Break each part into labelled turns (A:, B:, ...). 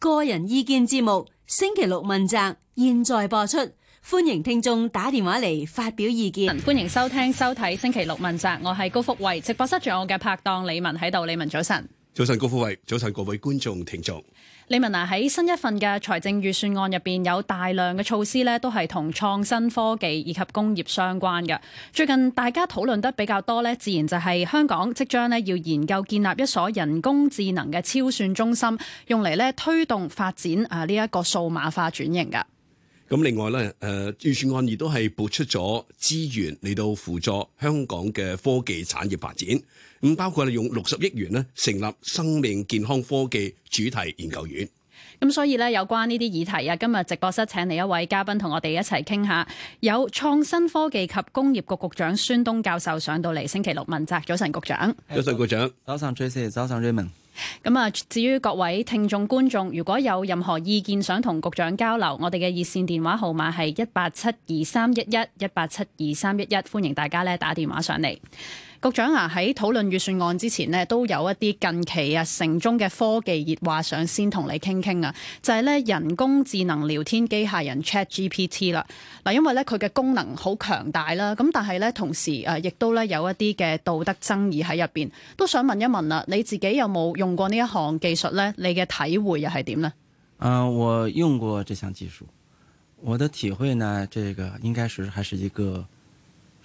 A: 個人意見，節目星期六問責，現在播出，歡迎聽眾打電話嚟發表意見。歡迎收聽收睇星期六問責，我係高福慧，直播室仲有我嘅拍檔李文喺度，李文早晨。
B: 早晨，高富慧，早晨，各位觀眾、聽眾。
A: 李文娜喺新一份嘅財政預算案入邊，有大量嘅措施咧，都係同創新科技以及工業相關嘅。最近大家討論得比較多咧，自然就係香港即將咧要研究建立一所人工智能嘅超算中心，用嚟咧推動發展啊呢一個數碼化轉型嘅。
B: 咁另外咧，誒，預算案亦都係撥出咗資源嚟到輔助香港嘅科技產業發展。咁包括用六十億元成立生命健康科技主題研究院。
A: 咁所以咧，有關呢啲議題啊，今日直播室請嚟一位嘉賓同我哋一齊傾下。有創新科技及工業局局，局長孫東教授上到嚟。星期六問責早晨局長。早
C: 晨局長，早晨 Jesse 早晨 Raymond。
A: 咁啊，至於各位聽眾觀眾，如果有任何意見想同局長交流，我哋嘅熱線電話號碼係一八七二三一一一八七二三一一，歡迎大家咧打電話上嚟。局長啊，喺討論預算案之前呢，都有一啲近期啊城中嘅科技熱話想先同你傾傾啊，就係咧人工智能聊天機械人 Chat GPT 啦。嗱，因為咧佢嘅功能好強大啦，咁但係咧同時誒，亦都咧有一啲嘅道德爭議喺入邊，都想問一問啦，你自己有冇用過呢一項技術咧？你嘅體會又係點呢？啊、
C: 呃，我用過這項技術，我的體會呢，這個應該是還是一個。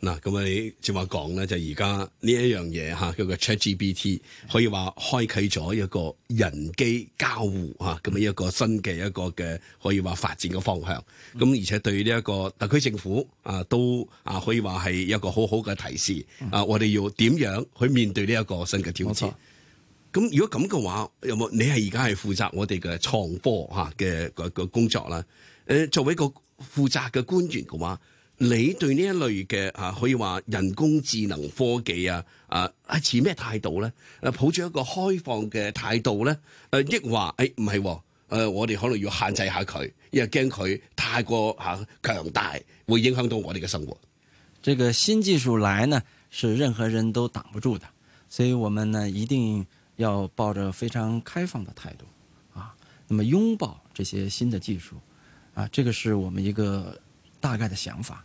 B: 嗱，咁啊，你正話講咧，就而家呢一樣嘢吓，叫做 ChatGPT，可以話開啟咗一個人機交互咁樣一個新嘅一個嘅可以話發展嘅方向。咁、嗯、而且對呢一個特區政府啊，都啊可以話係一個好好嘅提示、嗯、啊。我哋要點樣去面對呢一個新嘅挑戰？咁如果咁嘅話，有冇你係而家係負責我哋嘅創科吓嘅個工作啦？誒、嗯，作為一個負責嘅官員嘅話。你對呢一類嘅啊可以話人工智能科技啊啊係持咩態度咧？誒，抱住一個開放嘅態度咧，誒、呃，亦話誒唔係，誒、哎哦呃，我哋可能要限制下佢，因為驚佢太過吓、啊、強大，會影響到我哋嘅生活。
C: 這個新技術來呢，是任何人都擋不住的，所以我們呢一定要抱着非常開放嘅態度，啊，那麼擁抱這些新嘅技術，啊，這個是我們一個大概的想法。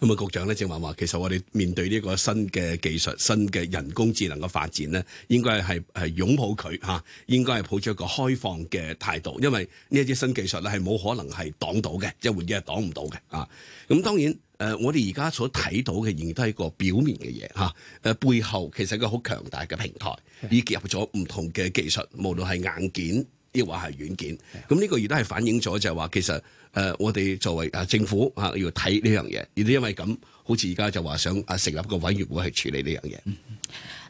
B: 咁啊，局長咧正話話，其實我哋面對呢個新嘅技術，新嘅人工智能嘅發展咧，應該係係擁抱佢吓，應該係抱住一個開放嘅態度，因為呢一啲新技術咧係冇可能係擋到嘅，即係換言之，係擋唔到嘅啊。咁當然，誒，我哋而家所睇到嘅仍然都係一個表面嘅嘢吓，誒背後其實一個好強大嘅平台，已結合咗唔同嘅技術，無論係硬件，亦話係軟件，咁呢個亦都係反映咗就係話，其實誒我哋作為啊政府啊要睇呢樣嘢，亦都因為咁，好似而家就話想啊成立一個委員會去處理呢樣嘢。嗯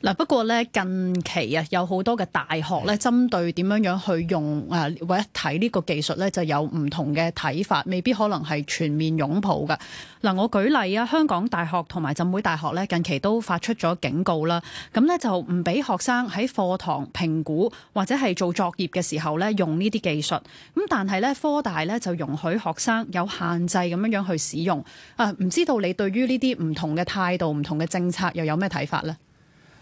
A: 嗱，不過咧近期啊，有好多嘅大學咧，針對點樣去用誒，或者睇呢個技術咧，就有唔同嘅睇法，未必可能係全面擁抱㗎。嗱。我舉例啊，香港大學同埋浸會大學咧，近期都發出咗警告啦。咁咧就唔俾學生喺課堂評估或者係做作業嘅時候咧用呢啲技術。咁但係咧科大咧就容許學生有限制咁樣去使用啊。唔知道你對於呢啲唔同嘅態度、唔同嘅政策又有咩睇法咧？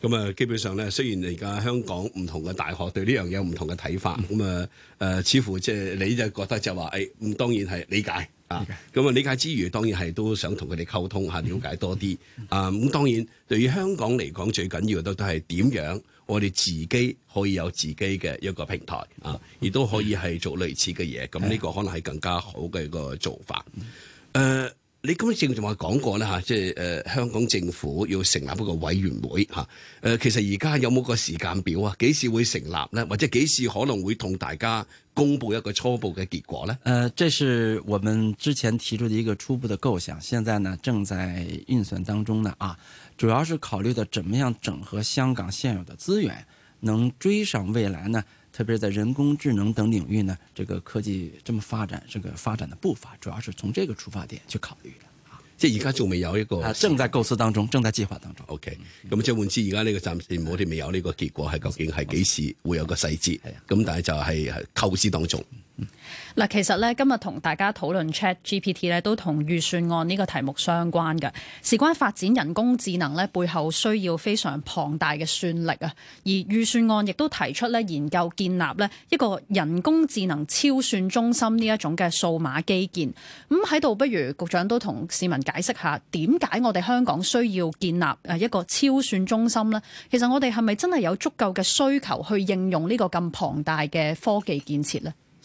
B: 咁啊，基本上咧，雖然而家香港唔同嘅大學對呢樣嘢有唔同嘅睇法，咁啊誒，似乎即係你就覺得就話，誒、哎，咁當然係理解啊。咁啊，理解，理解之餘，當然係都想同佢哋溝通下，了解多啲、嗯、啊。咁當然對於香港嚟講，最緊要的都都係點樣，我哋自己可以有自己嘅一個平台啊，亦都可以係做類似嘅嘢，咁呢個可能係更加好嘅一個做法。誒、嗯。呃你今正仲話講過呢吓，即係誒，香港政府要成立一個委員會吓，誒，其實而家有冇個時間表啊？幾時會成立呢？或者幾時可能會同大家公布一個初步嘅結果呢？誒、
C: 呃，這是我們之前提出的一個初步嘅構想，現在呢正在運算當中呢啊，主要是考慮到怎麼樣整合香港現有的資源，能追上未來呢？特別是在人工智能等領域呢，這個科技這麼發展，這個發展的步伐，主要是從這個出發點去考慮的
B: 啊。即係而家仲未有一個啊，正在構思當中，正在計劃當中。OK，咁即換之而家呢個暫時我哋未有呢個結果，係究竟係幾時會有個細節？咁但係就係構思當中。
A: 嗱，其實咧今日同大家討論 Chat GPT 咧，都同預算案呢個題目相關嘅。事關發展人工智能咧，背後需要非常龐大嘅算力啊。而預算案亦都提出咧，研究建立咧一個人工智能超算中心呢一種嘅數碼基建。咁喺度，不如局長都同市民解釋下，點解我哋香港需要建立誒一個超算中心呢？其實我哋係咪真係有足夠嘅需求去應用呢個咁龐大嘅科技建設呢？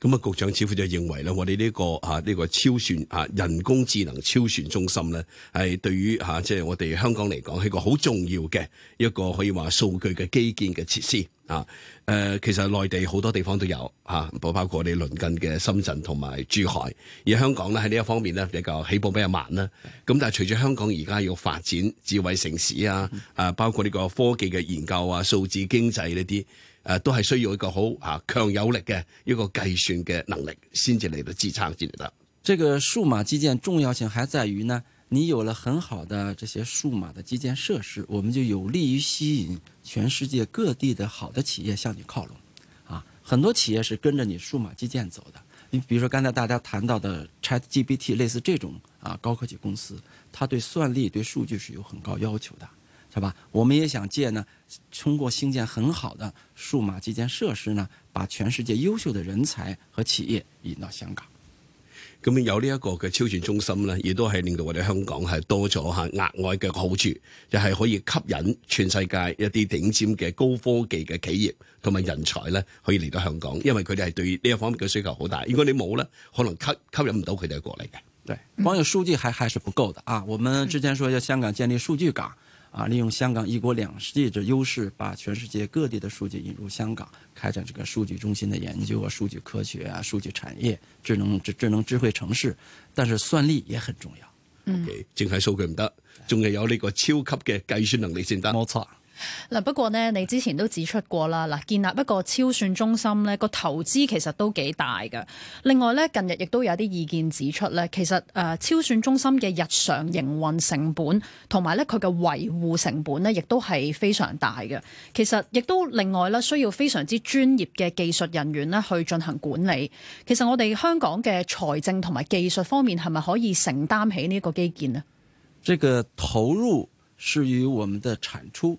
B: 咁啊，局長似乎就認為咧，我哋呢個啊呢個超算啊人工智能超算中心咧，係對於嚇即係我哋香港嚟講係個好重要嘅一個可以話數據嘅基建嘅設施啊。誒，其實內地好多地方都有嚇，包包括我哋鄰近嘅深圳同埋珠海。而香港咧，喺呢一方面咧比較起步比較慢啦。咁但係隨住香港而家要發展智慧城市啊，啊，包括呢個科技嘅研究啊、數字經濟呢啲。啊，都係需要一個好啊強
C: 有力嘅一個計算嘅能力，先至嚟到支撐先得。這個數碼基建重要性還在於呢，你有了很好的這些數碼的基建設施，我們就有利於吸引全世界各地的好的企業向你靠攏。啊，很多企業是跟着你數碼基建走的。你，比如說剛才大家談到的 ChatGPT，類似這種啊高科技公司，它對算力對數據是有很高要求的。是吧？我們也想借呢，通過興建很好的數碼基建設施呢，把全世界優秀的人才和企業引到香港。咁有呢一個嘅超
B: 算中心呢，亦都係令到我哋香港係多咗吓額外嘅好處，就係、是、可以吸引全世界一啲頂尖嘅高科技嘅企業同埋人才呢，可以嚟到香港，因為佢哋係對呢一方面嘅需求好大。如果你冇呢，可能吸吸引唔到佢哋過嚟嘅。對，
C: 光有數據還還是不夠的啊！我們之前說要香港建立數據港。啊，利用香港“一國兩制”的優勢，把全世界各地的數據引入香港，開展這個數據中心的研究啊、數據科學啊、數據產業、智能智智能智慧城市，但是算力也很重要。OK，淨係數據唔得，仲係有呢個超級嘅計算能力先得。冇錯。
A: 嗱，不過呢，你之前都指出過啦，嗱，建立一個超算中心呢個投資其實都幾大嘅。另外呢，近日亦都有啲意見指出呢，其實誒超算中心嘅日常營運成本同埋咧佢嘅維護成本呢，亦都係非常大嘅。其實亦都另外呢，需要非常之專業嘅技術人員呢去進行管理。其實我哋香港嘅財政同埋技術方面係咪可以承擔起呢個基建呢？
C: 呢個投入是於我們的產出。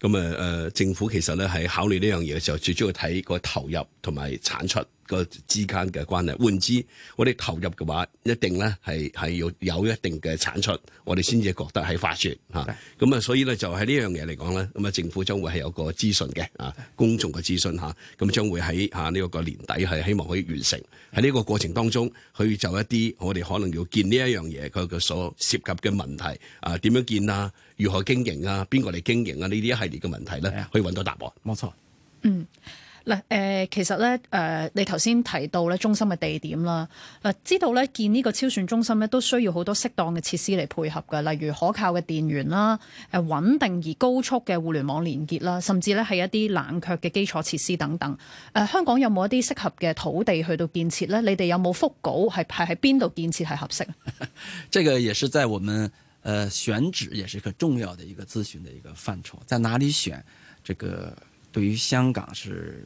B: 咁啊，誒、呃、政府其實咧喺考慮呢樣嘢嘅時候，最主要睇個投入同埋產出。個之間嘅關係，換之我哋投入嘅話，一定咧係係要有一定嘅產出，我哋先至覺得係劃算吓。咁啊，所以咧就喺呢樣嘢嚟講咧，咁啊政府將會係有個諮詢嘅啊，公眾嘅諮詢吓，咁、啊、將會喺吓呢個個年底係希望可以完成喺呢個過程當中去就一啲我哋可能要建呢一樣嘢佢嘅所涉及嘅問題啊，點樣建啊，如何經營啊，邊個嚟經營啊呢啲一系列嘅問題咧，可以揾
C: 到答案。冇錯，嗯。
A: 嗱誒、呃，其實咧誒、呃，你頭先提到咧中心嘅地點啦，嗱，知道咧建呢個超算中心咧都需要好多適當嘅設施嚟配合嘅，例如可靠嘅電源啦，誒、呃、穩定而高速嘅互聯網連結啦，甚至咧係一啲冷卻嘅基礎設施等等。誒、呃，香港有冇一啲適合嘅土地去到建設咧？你哋有冇覆稿係係喺邊度建設係合適？
C: 這個也是在我們誒、呃、選址，也是一個重要的一個諮詢嘅一個範疇，在哪裡選這個？對於香港是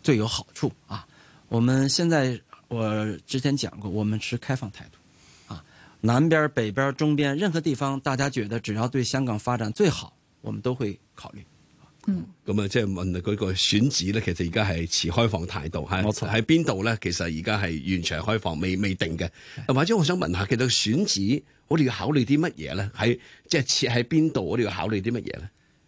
C: 最有好處啊！我們現在我之前講過，我們持開放態度啊。南邊、北邊、中邊，任何地方，大家覺得只要對香港發展最好，我們都會考慮。嗯，
B: 咁、嗯、啊，即係問嗰個選址咧，其實而家係持開放態度，冇錯，喺邊度咧？其實而家係完全開放，未未定嘅。或者我想問下，其實選址，我哋要考慮啲乜嘢咧？喺即係設喺邊度，我哋要考慮啲乜嘢咧？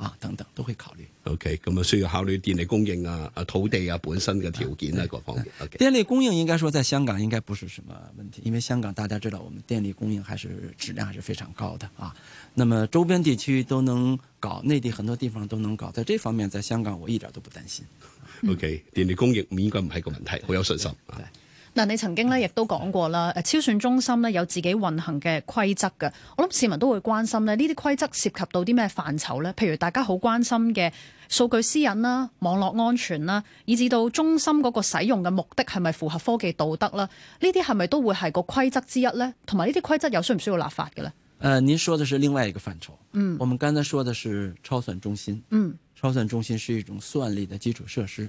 C: 啊，等等都會考慮。
B: OK，咁啊需要考慮電力供應啊，啊土地啊本身嘅條件啊，各方面。Okay.
C: 電力供應應該說，在香港應該不是什麼問題，因為香港大家知道，我們電力供應還是質量還是非常高的啊。那麼周邊地區都能搞，內地很多地方都能搞，在這方面，在香港我一點都不擔心。嗯、
B: OK，電力供
C: 應應該唔係個問
B: 題，好有信心。對。
A: 嗱，你曾經咧亦都講過啦，超算中心咧有自己運行嘅規則㗎。我諗市民都會關心咧，呢啲規則涉及到啲咩範疇呢？譬如大家好關心嘅數據私隱啦、網絡安全啦，以至到中心嗰個使用嘅目的係咪符合科技道德啦，呢啲係咪都會係個規則之一呢？同埋呢啲規則有需唔需要立法嘅呢？誒、
C: 呃，您說嘅係另外一個範疇。嗯，我們剛才說嘅係超算中心。嗯，超算中心係一種算力嘅基礎設施。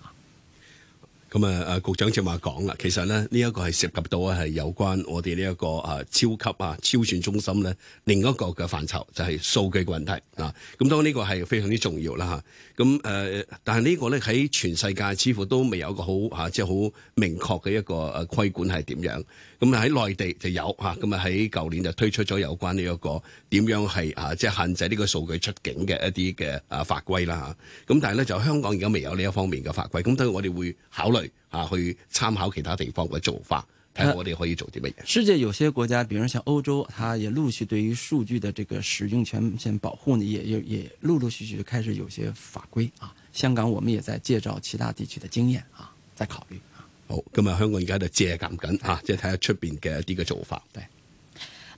B: 咁啊啊，局長正話講啦，其實咧呢一個係涉及到係有關我哋呢一個啊超級啊超算中心咧，另一個嘅範疇就係數據嘅問題啊。咁當然呢個係非常之重要啦吓，咁誒，但係呢個咧喺全世界似乎都未有一個好嚇即係好明確嘅一個誒規管係點樣。咁啊喺內地就有吓，咁啊喺舊年就推出咗有關呢一個點樣係啊即係限制呢個數據出境嘅一啲嘅啊法規啦吓，咁但係咧就香港而家未有呢一方面嘅法規，咁等我哋會考慮。啊，去參考其他地方嘅做法，睇下我哋可以做啲乜嘢。
C: 世界有些國家，比如像歐洲，它也陸續對於數據的這個使用權限保護呢，也也陸陸續續開始有些法規啊。香港，我們也在借照其他地區的經驗啊，再考慮啊。
B: 好，咁啊，香港而家就借鑒緊啊，即係睇下出邊嘅一啲嘅做法。對。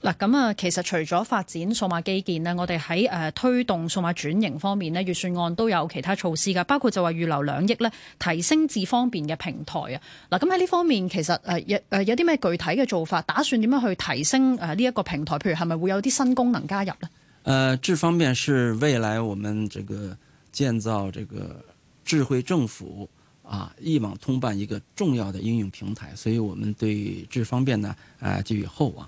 A: 嗱，咁啊，其實除咗發展數碼基建呢，我哋喺誒推動數碼轉型方面呢，預算案都有其他措施㗎，包括就話預留兩億咧，提升智方便嘅平台啊。嗱，咁喺呢方面其實誒有誒有啲咩具體嘅做法，打算點樣去提升誒呢一個平台？譬如係咪會有啲新功能加入呢？誒、
C: 呃，智方便是未來我們這個建造這個智慧政府啊，一網通辦一個重要的應用平台，所以我們對智方便呢，誒寄予厚望。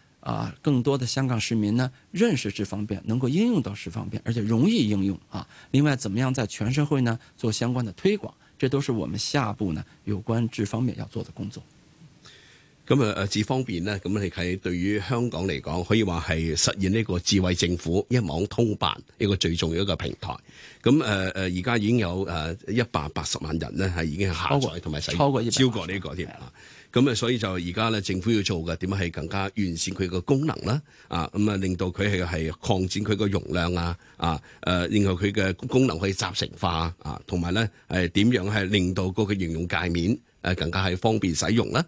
C: 啊，更多的香港市民呢認識這方面，能夠應用到這方面，而且容易應用啊！另外，怎麼樣在全社會呢做相關的推廣，這都是我們下一步呢有關這方面要做的工作。咁
B: 啊啊，這方面呢，咁你睇對於香港嚟講，可以話係實現呢個智慧政府一網通辦一個最重要的一個平台。咁誒而家已經有誒一百八十萬人呢係已經係下載同埋使用，超過超過呢個添啊。咁啊，所以就而家咧，政府要做嘅點樣係更加完善佢個功能啦，啊，咁、嗯、啊，令到佢係係擴展佢個容量啊，啊，誒、啊，然後佢嘅功能可以集成化啊，同埋咧，誒，點樣係令到個嘅應用界面誒更加係方便使用啦。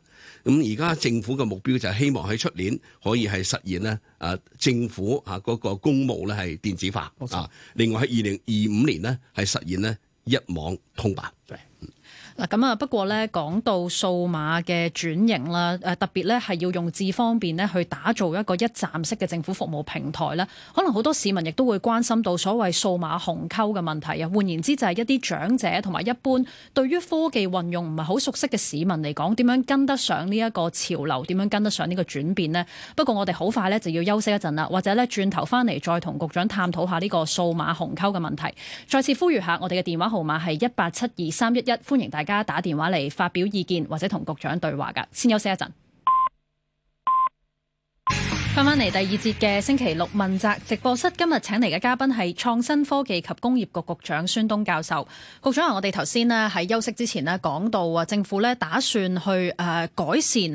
B: 咁而家政府嘅目標就係希望喺出年可以係實現咧，啊，政府啊嗰個公務咧係電子化啊。另外喺二零二五年咧係實現咧一網通
A: 辦。嗱咁啊，不過咧講到數碼嘅轉型啦，誒、啊、特別咧係要用智方便咧，去打造一個一站式嘅政府服務平台咧，可能好多市民亦都會關心到所謂數碼鴻溝嘅問題啊。換言之，就係一啲長者同埋一般對於科技運用唔係好熟悉嘅市民嚟講，點樣跟得上呢一個潮流？點樣跟得上呢個轉變呢？不過我哋好快咧就要休息一陣啦，或者咧轉頭翻嚟再同局長探討下呢個數碼鴻溝嘅問題。再次呼籲下，我哋嘅電話號碼係一八七二三一一，歡迎大大家打電話嚟發表意見或者同局長對話噶，先休息一陣。翻翻嚟第二節嘅星期六問責直播室，今日請嚟嘅嘉賓係創新科技及工業局局長孫東教授。局長啊，我哋頭先呢喺休息之前呢講到啊，政府呢打算去誒改善誒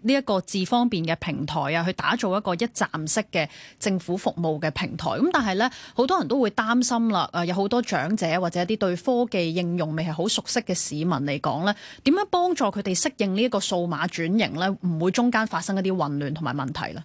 A: 呢一個智方便嘅平台啊，去打造一個一站式嘅政府服務嘅平台。咁但係呢，好多人都會擔心啦。誒，有好多長者或者一啲對科技應用未係好熟悉嘅市民嚟講呢，點樣幫助佢哋適應呢一個數碼轉型呢？唔會中間發生一啲混亂同埋問題呢？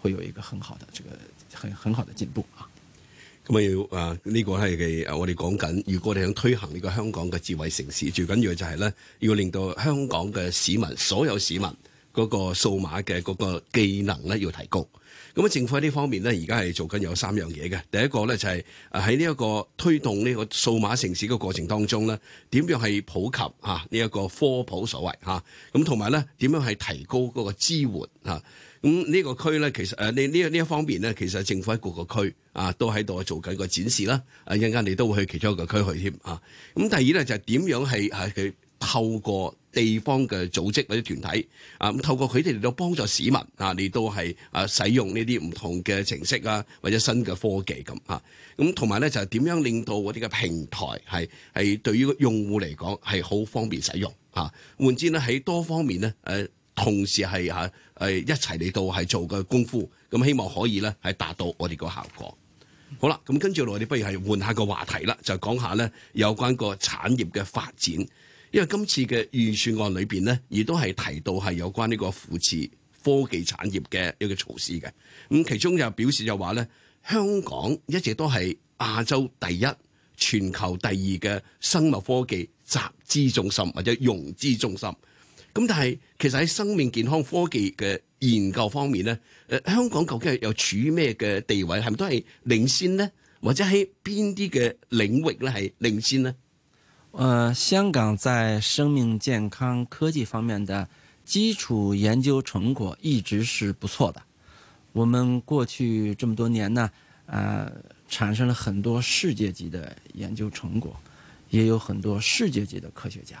C: 會有一個很好的這個很很好的進步啊！咁啊要
B: 啊，呢個係我哋講緊，如果你想推行呢個香港嘅智慧城市，最緊要就係咧，要令到香港嘅市民，所有市民嗰個數碼嘅嗰個技能咧，要提高。咁啊，政府喺呢方面咧，而家係做緊有三樣嘢嘅。第一個咧就係喺呢一個推動呢個數碼城市嘅過程當中咧，點樣係普及吓呢一個科普所謂吓，咁同埋咧點樣係提高嗰個支援吓。咁、這、呢個區咧，其實誒，你呢呢一方面咧，其實政府喺各個區啊，都喺度做緊個展示啦。啊，一陣間你都會去其中一個區去添啊。咁第二咧就係點樣係係佢透過地方嘅組織或者團體啊，咁透過佢哋嚟到幫助市民啊，嚟到係啊使用呢啲唔同嘅程式啊，或者新嘅科技咁啊。咁同埋咧就係點樣令到我哋嘅平台係係對於用戶嚟講係好方便使用啊？換之咧喺多方面咧，誒，同時係吓。係一齊嚟到係做嘅功夫，咁希望可以咧係達到我哋個效果。嗯、好啦，咁跟住我哋不如係換下個話題啦，就講一下咧有關個產業嘅發展。因為今次嘅預算案裏邊咧，亦都係提到係有關呢個扶持科技產業嘅一個措施嘅。咁、嗯、其中又表示就話咧，香港一直都係亞洲第一、全球第二嘅生物科技集資中心或者融資中心。咁但係。其實喺生命健康科技嘅研究方面呢，誒、呃，香港究竟係又處於咩嘅地位？係咪都係領先呢？或者喺邊啲嘅領域咧係領先呢？
C: 呃，香港在生命健康科技方面的基礎研究成果一直是不錯的。我們過去這麼多年呢，呃，產生了很多世界級的研究成果，也有很多世界級的科學家。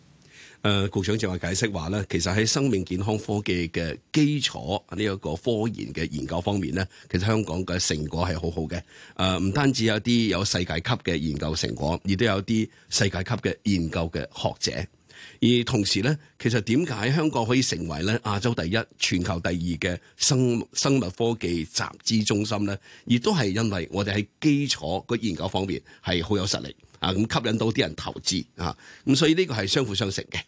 B: 誒、呃，局長就話解釋話咧，其實喺生命健康科技嘅基礎呢一個科研嘅研究方面咧，其實香港嘅成果係好好嘅。誒、呃，唔單止有啲有世界級嘅研究成果，而都有啲世界級嘅研究嘅學者。而同時咧，其實點解香港可以成為咧亞洲第一、全球第二嘅生生物科技集資中心咧？亦都係因為我哋喺基礎個研究方面係好有實力。啊，咁吸引到啲人投資啊，咁所以呢個係相輔相成嘅。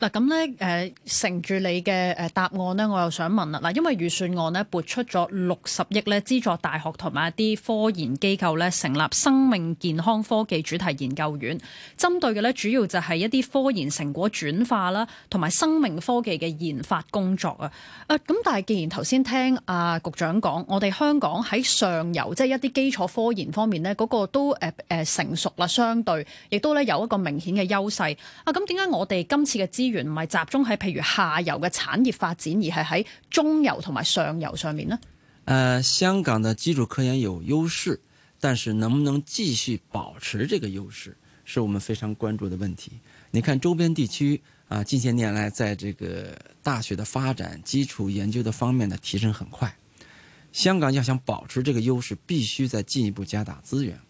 A: 嗱咁咧，成、呃、乘住你嘅呃答案呢，我又想問啦。嗱，因為預算案呢撥出咗六十億咧，資助大學同埋一啲科研機構咧成立生命健康科技主題研究院，針對嘅咧主要就係一啲科研成果轉化啦，同埋生命科技嘅研發工作、呃、啊。誒咁，但係既然頭先聽啊局長講，我哋香港喺上游即係、就是、一啲基礎科研方面呢嗰、那個都誒誒、呃呃、成熟啦，相對亦都咧有一個明顯嘅優勢啊，咁點解我哋今次嘅資源唔係集中喺譬如下游嘅產業發展，而係喺中游同埋上游上面呢？
C: 誒，香港的基礎科研有優勢，但是能不能繼續保持這個優勢，是我們非常關注的問題。你看周邊地區啊，近些年來在這個大學的發展、基礎研究的方面呢，提升很快。香港要想保持這個優勢，必須再進一步加大資源。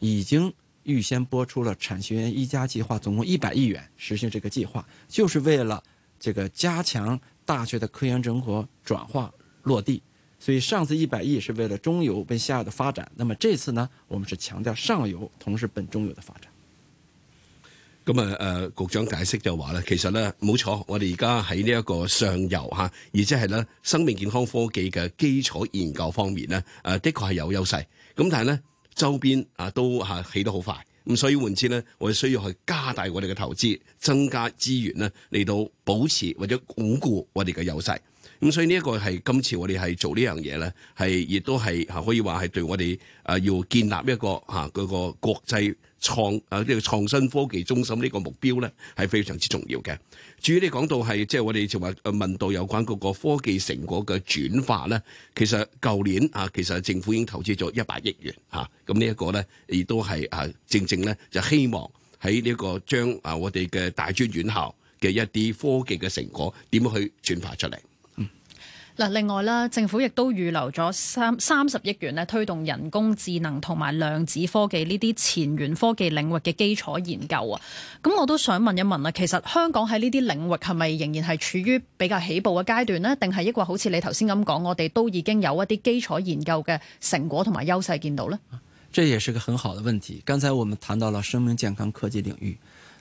C: 已經預先播出了產學研一加計劃，總共一百億元，實行這個計劃就是為了這個加強大學的科研整合轉化落地。所以上次一百億是為了中游跟下游的發展，那麼這次呢，我們是強調上游同時本中游的發展。咁啊，呃
B: 局長解釋就話咧，其實呢冇錯，我哋而家喺呢一個上游吓，而且係咧生命健康科技嘅基礎研究方面呢呃的確係有優勢。咁但係咧。周邊啊都啊起得好快，咁所以換之呢，我哋需要去加大我哋嘅投資，增加資源呢嚟到保持或者鞏固我哋嘅優勢。咁所以呢一個係今次我哋係做呢樣嘢咧，係亦都係吓，可以話，係對我哋啊要建立一個吓嗰個國際創啊呢個創新科技中心呢個目標咧，係非常之重要嘅。至於你講到係即係我哋就話問到有關嗰個科技成果嘅轉化咧，其實舊年啊，其實政府已經投資咗一百億元吓，咁呢一個咧亦都係啊正正咧就希望喺呢個將啊我哋嘅大專院校嘅一啲科技嘅成果點樣去轉化出嚟。
A: 另外啦，政府亦都預留咗三三十億元呢，推動人工智能同埋量子科技呢啲前沿科技領域嘅基礎研究啊。咁我都想問一問啦，其實香港喺呢啲領域係咪仍然係處於比較起步嘅階段呢？定係抑或好似你頭先咁講，我哋都已經有一啲基礎研究嘅成果同埋優勢見到呢？
C: 這也是個很好的問題。剛才我們談到了生命健康科技領域。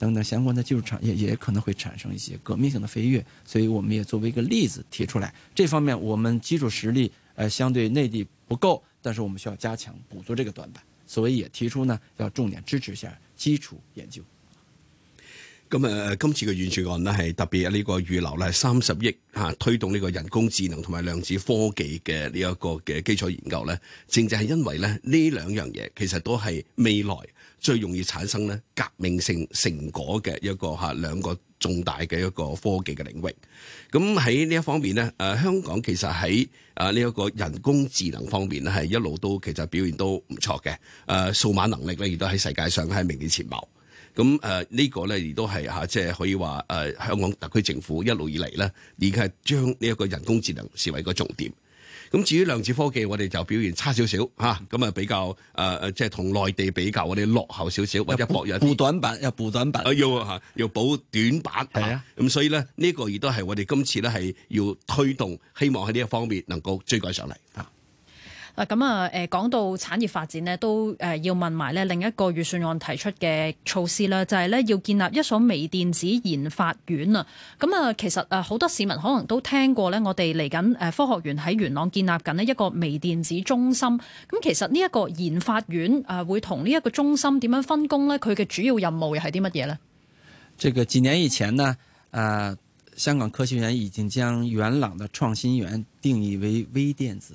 C: 等等相關的技術產業也可能會產生一些革命性的飛躍，所以我們也作為一個例子提出來。這方面我們基礎實力呃相對內地不夠，但是我們需要加強，補足這個短板，所以也提出呢要重點支持下基礎研究。咁啊、呃，今
B: 次嘅預算案呢，係特別喺、這個、呢個預留三十億、啊、推動呢個人工智能同埋量子科技嘅呢一個嘅基礎研究呢，正正係因為咧呢這兩樣嘢其實都係未來。最容易產生咧革命性成果嘅一個嚇兩個重大嘅一個科技嘅領域。咁喺呢一方面咧，誒、呃、香港其實喺誒呢一個人工智能方面咧，係一路都其實表現都唔錯嘅。誒、呃、數碼能力咧，亦都喺世界上係名列前茅。咁誒、呃這個、呢個咧，亦都係嚇即係可以話誒、呃、香港特區政府一路以嚟咧，已經係將呢一個人工智能視為一個重點。咁至於量子科技，我哋就表現差少少吓，咁啊，比較誒、呃、即係同內地比較，我哋落後少少或者薄弱。補短板又補短板，要吓，要補短板。係啊，咁所以咧，呢個亦都係我哋今次咧係要推動，希望喺呢一方面能夠追趕上嚟啊。
A: 啊咁啊，誒講到產業發展咧，都誒要問埋咧另一個預算案提出嘅措施啦，就係、是、咧要建立一所微電子研發院啊。咁啊，其實啊好多市民可能都聽過咧，我哋嚟緊誒科學園喺元朗建立緊咧一個微電子中心。咁其實呢一個研發院啊，會同呢一個中心點樣分工呢？佢嘅主要任務又係啲乜嘢呢？
C: 呢個幾年以前呢？啊、呃，香港科學院已經將元朗嘅創新園定義為微電子。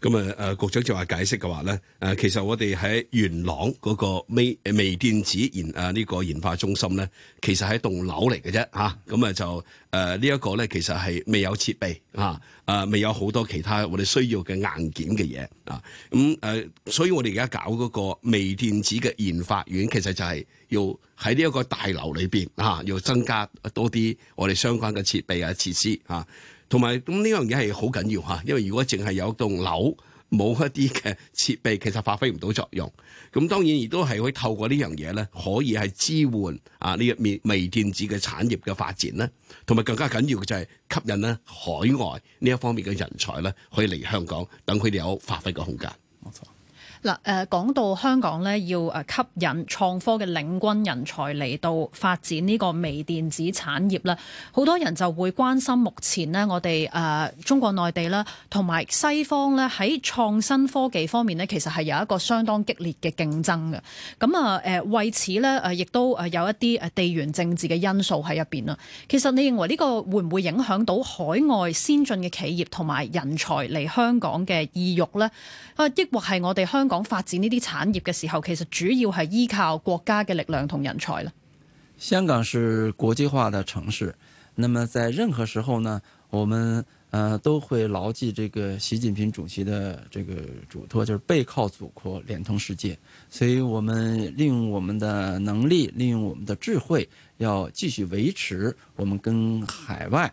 B: 咁啊，誒，局長就話解釋嘅話咧，誒，其實我哋喺元朗嗰個微微電子研啊呢個研發中心咧，其實係棟樓嚟嘅啫嚇。咁啊就誒呢一個咧，其實係未有設備啊，啊，未有好多其他我哋需要嘅硬件嘅嘢啊。咁、啊、誒，所以我哋而家搞嗰個微電子嘅研發院，其實就係要喺呢一個大樓裏邊啊，要增加多啲我哋相關嘅設備設啊、設施啊。同埋咁呢樣嘢係好緊要吓，因為如果淨係有一棟樓，冇一啲嘅設備，其實發揮唔到作用。咁當然亦都係可以透過呢樣嘢咧，可以係支援啊呢一面微電子嘅產業嘅發展咧，同埋更加緊要嘅就係吸引咧海外呢一方面嘅人才咧，可以嚟香港，等佢哋有發揮嘅空間。冇錯。
A: 嗱，誒講到香港咧，要誒吸引創科嘅領軍人才嚟到發展呢個微電子產業咧，好多人就會關心目前咧，我哋誒中國內地啦，同埋西方咧喺創新科技方面咧，其實係有一個相當激烈嘅競爭嘅。咁啊誒為此咧誒，亦都誒有一啲誒地緣政治嘅因素喺入邊啦。其實你認為呢個會唔會影響到海外先進嘅企業同埋人才嚟香港嘅意欲呢？啊，抑或係我哋香？講發展呢啲產業嘅時候，其實主要係依靠國家嘅力量同人才啦。
C: 香港是國際化的城市，那麼在任何時候呢，我們呃都會牢記這個習近平主席的這個囑託，就是背靠祖國，聯通世界。所以，我們利用我們的能力，利用我們的智慧，要繼續維持我們跟海外。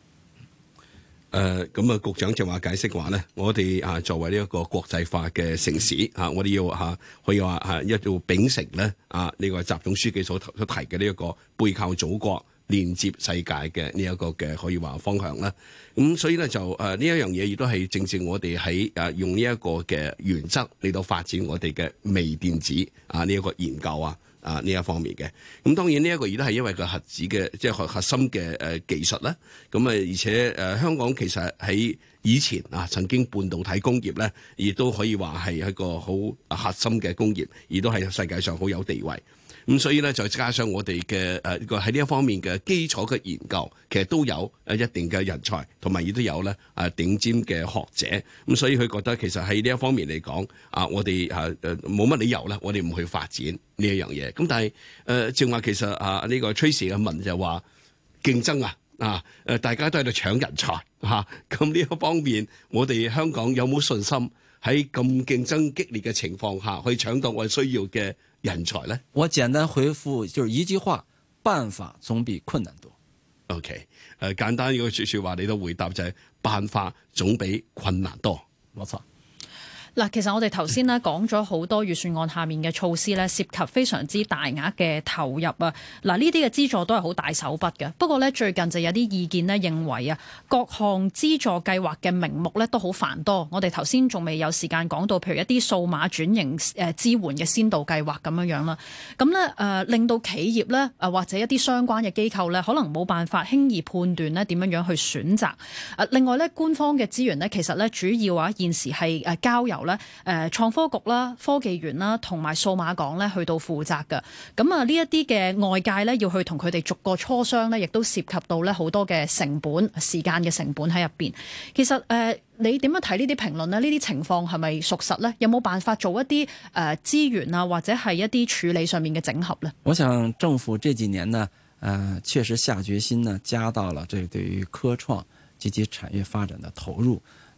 B: 誒咁啊，局長就話解釋話咧，我哋啊作為呢一個國際化嘅城市啊，我哋要嚇可以話嚇一到秉承咧啊呢個習總書記所所提嘅呢一個背靠祖國連接世界嘅呢一個嘅可以話方向啦。咁、啊、所以咧就誒呢一樣嘢亦都係正正我哋喺誒用呢一個嘅原則嚟到發展我哋嘅微電子啊呢一個研究啊。啊呢一方面嘅，咁當然呢一個亦都係因為個核子嘅即係核核心嘅誒技術啦。咁啊，而且誒香港其實喺以前啊，曾經半導體工業咧，亦都可以話係一個好核心嘅工業，亦都係世界上好有地位。咁所以咧，再加上我哋嘅呢個喺呢一方面嘅基礎嘅研究，其實都有一定嘅人才，同埋亦都有咧誒、啊、頂尖嘅學者。咁、嗯、所以佢覺得其實喺呢一方面嚟講，啊，我哋冇乜理由咧，我哋唔去發展呢一樣嘢。咁但係誒正話，呃、其實啊呢、呢個崔氏嘅問就話競爭啊啊大家都喺度搶人才咁呢、啊、一方面，我哋香港有冇信心喺咁競爭激烈嘅情況下去搶到我哋需要嘅人才咧，
C: 我簡單回覆
B: 就是一句話：辦法總比困難多。OK，誒、呃，簡單一個說話，你都回答就係、是、辦法總比困難多。冇錯。
A: 嗱，其實我哋頭先咧講咗好多預算案下面嘅措施咧，涉及非常之大額嘅投入啊！嗱，呢啲嘅資助都係好大手筆嘅。不過咧，最近就有啲意見咧認為啊，各項資助計劃嘅名目咧都好繁多。我哋頭先仲未有時間講到，譬如一啲數碼轉型誒支援嘅先導計劃咁樣樣啦。咁咧誒令到企業咧誒或者一啲相關嘅機構咧，可能冇辦法輕易判斷咧點樣樣去選擇啊，另外咧，官方嘅資源咧，其實咧主要話現時係誒交由。咧、呃、誒，創科局啦、科技園啦、同埋數碼港呢，去到負責㗎。咁啊，呢一啲嘅外界呢，要去同佢哋逐個磋商呢，亦都涉及到呢好多嘅成本、時間嘅成本喺入邊。其實，誒、呃，你點樣睇呢啲評論咧？呢啲情況係咪屬實呢？有冇辦法做一啲誒資源啊，或者係一啲處理上面嘅整合呢？
C: 我想政府這幾年呢，誒、呃，確實下決心呢，加大了這對於科創及其產業發展嘅投入。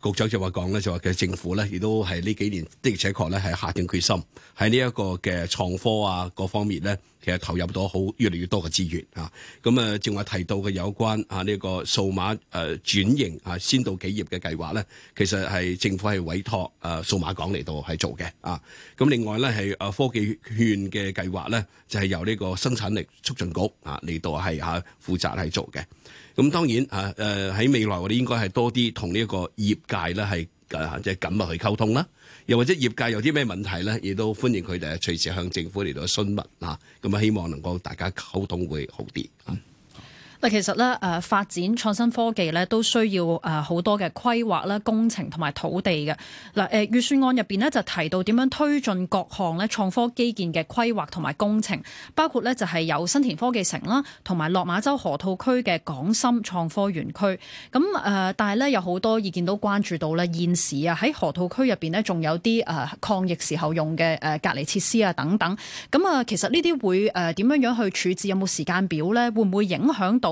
B: 局長就話講咧，就話其實政府咧亦都係呢幾年的而且確咧係下定決心喺呢一個嘅創科啊各方面咧，其實投入咗好越嚟越多嘅資源啊。咁啊，正話提到嘅有關啊呢個數碼誒轉型啊先導企業嘅計劃咧，其實係政府係委託誒數碼港嚟到係做嘅啊。咁另外咧係科技券嘅計劃咧，就係由呢個生產力促進局啊嚟到係啊負責係做嘅。咁當然啊，誒喺未來我哋應該係多啲同呢一個業界咧係誒即係緊密去溝通啦，又或者業界有啲咩問題咧，亦都歡迎佢哋隨時向政府嚟到詢問吓。咁啊，希望能夠大家溝通會好啲。嗯
A: 其實咧，誒、呃、發展創新科技咧，都需要誒好、呃、多嘅規劃啦、工程同埋土地嘅。嗱、呃，誒預算案入面呢就提到點樣推進各項咧創科基建嘅規劃同埋工程，包括咧就係、是、有新田科技城啦，同埋落馬洲河套區嘅港深創科園區。咁誒、呃，但係咧有好多意見都關注到咧，現時啊喺河套區入面呢仲有啲誒、呃、抗疫時候用嘅隔離設施啊等等。咁啊、呃，其實呢啲會誒點樣樣去處置？有冇時間表咧？會唔會影響到？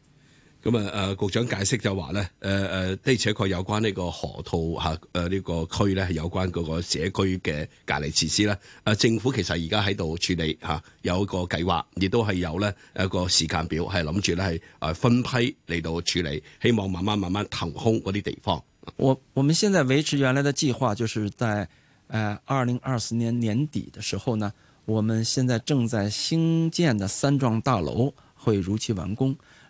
B: 咁啊，誒、呃，局長解釋就話呢，誒誒，的而且確有關呢個河套嚇誒呢個區咧，有關嗰個社區嘅隔離設施啦。誒、啊，政府其實而家喺度處理嚇、啊，有一個計劃，亦都係有呢一個時間表，係諗住呢係誒分批嚟到處理，希望慢慢慢慢
C: 騰空嗰啲地方。我我們現在維持原來嘅計劃，就是在誒二零二四年年底嘅時候呢，我們現在正在興建嘅三幢大樓會如期完工。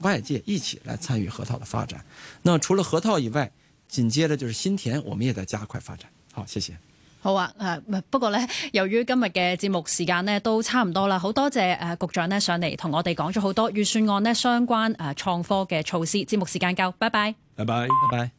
C: 外界一起來參與河套的發展，那除了河套以外，緊接着就是新田，我們也在加快發展。好，謝謝。
A: 好啊，誒，不過呢，由於今日嘅節目時間呢都差唔多啦，好多謝誒、呃、局長呢上嚟同我哋講咗好多預算案呢相關誒、呃、創科嘅措施。節目時間夠，拜拜。
C: 拜拜，拜拜。